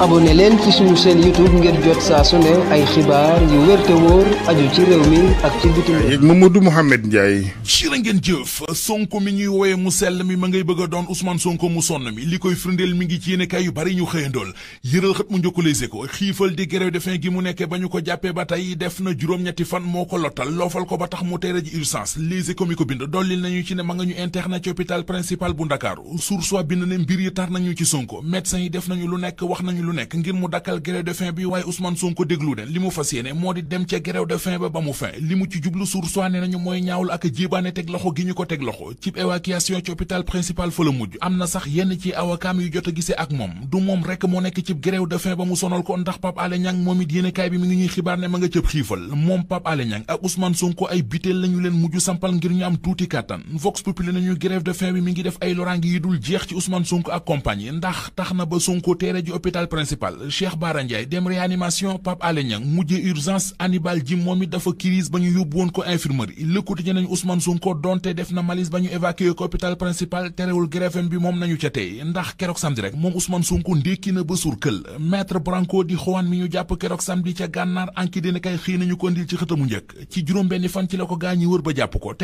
abonné leen ci suñu seen YouTube ngir jot saa su ne ay xibaar yu wér wóor aju ci réew mi ak ci bitim réew. Mamadou Mouhamed Ndiaye. jërë ngeen jëf Sonko mi mu sell mi ngay bëgg a doon Ousmane Sonko mu sonn mi li koy firndeel mi ngi ci yéenekaay yu bari ñu xëyandool yëral xët mu njëkk Les Échos xiifal di grève de faim gi mu nekkee ba ñu ko jàppee ba tey def na juróom-ñetti fan moo ko lottal loofal ko ba tax mu teere ji urgence Les Échos mi ko bind dollil nañu ci ne ma nga ñu internet ci hôpital principal bu Ndakaaru Source A bind ne yi tar nañu ci Sonko médecin yi def nañu lu nekk wax nañu lu nekk ngir mu dakkal grève de faim bi waaye Ousmane Sonko déglu den li mu fas yéene moo di dem ca grève de faim ba ba mu fin li mu ci jublu sur soine nañu mooy ñaawlu ak jéebaane teg loxo gi ñu ko teg loxo cib évacuation ci hôpital principal fa la mujj am na sax yenn ci awakaam yu jot a gisee ak moom du moom rek moo nekk cib grève de faim ba mu sonal ko ndax Pape Alé Niang moom it yéenekaay bi mi ngi ñuy xibaar ne ma nga cëb xiifal moom Pape Alé Niang ak Ousmane Sonko ay biteel lañu leen mujj sampal ngir ñu am tuuti kàttan Vox Populi nañu grève de faim bi mi ngi def ay loraangi yi dul jeex ci Ousmane Sonko ak compagnie ndax tax na ba Sonko teere ji hôpital principal Cheikh Bara dem réanimation Pape Alé mujje urgence Hannibal Djim moom it dafa crise ba ñu yóbbu woon ko infirmerie lëkkati nañu Ousmane Sonko donte def na malise ba ñu évacué ko principal terewul grève bi moom nañu ca tey ndax keroog samedi rek moom Ousmane Sonko ndékki na ba kël maître Branco di xowaan mi ñu jàpp keroog samedi ca gànnaar anki dina kay xëy nañu ko ndil ci xëtamu njëkk ci juróom-benni fan ci la ko gaañi wër ba jàpp ko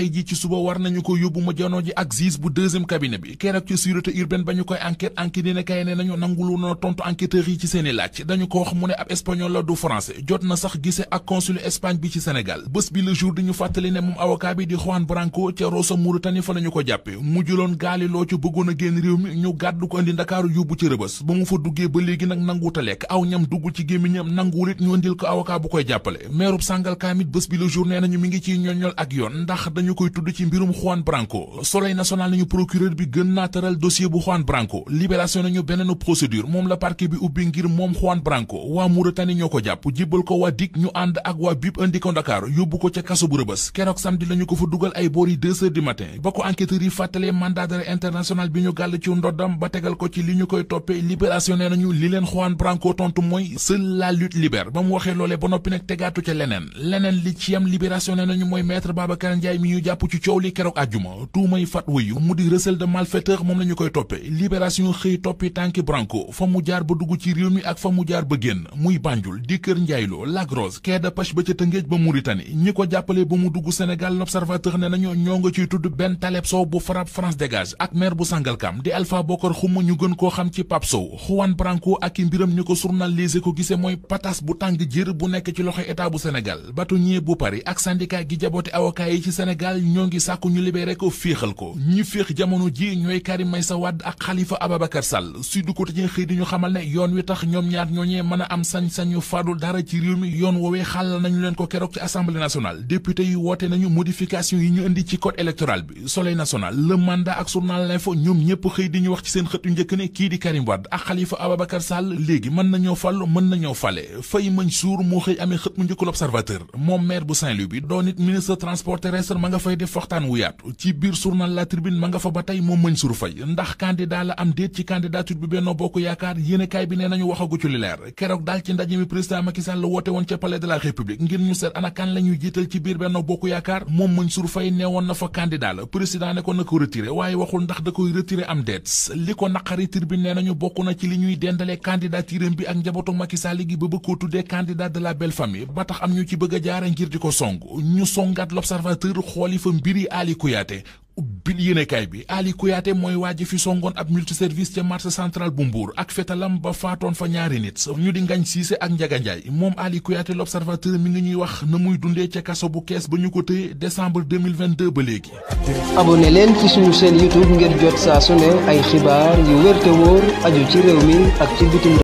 enquêteurs yi ci seeni laaj dañu ko wax mu ne ab espagnol la du français jot na sax gise ak consul Espagne bi ci Sénégal bés bi la jour di ñu fàttali ne moom avocat bi di Juan Branco ca Rosso Mauritanie fa la ñu ko jàppe mu jëloon gaali loo ci bëggoon a génn réew mi ñu gàddu ko indi Ndakaaru yóbbu ci rëbës ba mu fa duggee ba léegi nag nanguwut a lekk aw ñam dugg ci gémmiñam nanguwul it ñu indil ko avocat bu koy jàppale meerub Sangalkam it bés bi la jour nee nañu mi ngi ciy ñoññol ak yoon ndax dañu koy tudd ci mbirum Juan Branco Soleil national nañu procureur bi gën naa tëral dossier bu Juan Branco libération nañu beneen procédure bi ngir moom Juan Branco waa Mauritanie ñoo ko jàpp jébbal ko waa DIC ñu ànd ak waa BIP indi ko Dakar yóbbu ko ca kaso bu rëbës keroog samedi lañu ko fa dugal ay boori deux matin ba ko enquêteurs yi fàttalee mandat d'arrêt bi ñu gàll ci ndoddam ba tegal ko ci li ñu koy toppee libération nee nañu li leen Juan Branco tontu mooy seule la lutte libère ba mu waxee loolee ba noppi nag tegaatu ca leneen leneen li ci yam libération nee nañu mooy maître ci réew mi ak fa mu jaar ba génn muy Banjul di Kër Njaayloo lagros Rose quai de ba ca Tëngéej ba Mauritanie ñi ko jàppale ba mu dugg Sénégal l'Observateur ne nañoo ñoo nga ciy tudd benn Taleb Sow bu FRAPP France Dégage ak maire bu Sangalkam di Alpha Bokar Xuma ñu gën koo xam ci Pape Sow Juan Branco ak i mbiram ñi ko journal ko Échos gise mooy patas bu tàng jiir bu nekk ci loxo état bu Sénégal bâtonnier bu Paris ak syndicat gi jaboote avocat yi ci Sénégal ñoo ngi sàkku ñu libéré ko féexal ko ñi féex jamono ji ñooy Karim Meïssa Wade ak Khalifa Ababacar Sall Sud Quotidien xëy di ñu xamal ne yoon yoon wi tax ñoom ñaar ñooñee mën a am sañ-sañu faadul dara ci réew mi yoon woowee xàllal nañu leen ko keroog ci assemblée nationale député yi woote nañu modification yi ñu indi ci code électoral bi soleil national le mandat ak journal l'info ñoom ñëpp xëy di ñu wax ci seen xët yu njëkk ne kii di Karim Wade ak Khalifa Ababacar Sall léegi mën nañoo fàllu mën nañoo fale Faye Mansour moo xëy amee xët mu njëkk l'observateur moom maire bu Saint-Louis bi doon it ministre transport terrestre ma nga fay def la ma nga fa ba tey moom Mansour Faye ndax candidat la bi Benno Bokk Yaakaar nee nañu waxagu ci li leer keroog daal ci ndaje mi président Macky Sall woote woon ca palais de la république ngir ñu seet ana kan la ñuy jiital ci biir Benno Bokk Yaakaar moom Mansour Faye nee woon na fa candidat la président ne ko na ko retiré waaye waxul ndax da koy retiré am déet li ko naqari tribune nee nañu bokk na ci li ñuy dendalee candidature bi ak njabootu Macky Sall gi ba bëgg koo tuddee candidat de la belle famille ba tax am ñu ci bëgg a jaare ngir di ko song ñu songaat l'observateur xooli fa mbiri Ali Kouyaté ubbil yéenekaay bi Ali Kouyaté mooy waaji fi songoon ab service ca marché central bu Mbour ak fetalam ba faatoon fa ñaari nit ñu di ngañ siise ak njaga njaay moom Ali Kouyaté l'observateur mi ngi ñuy wax na muy dundee ca kaso bu kees ba ñu ko tëye décembre 2022 ba léegi abonné leen ci suñu chaîne youtube ngir jot saa su ne ay xibaar yu wér te wóor aju ci réew mi ak ci bitim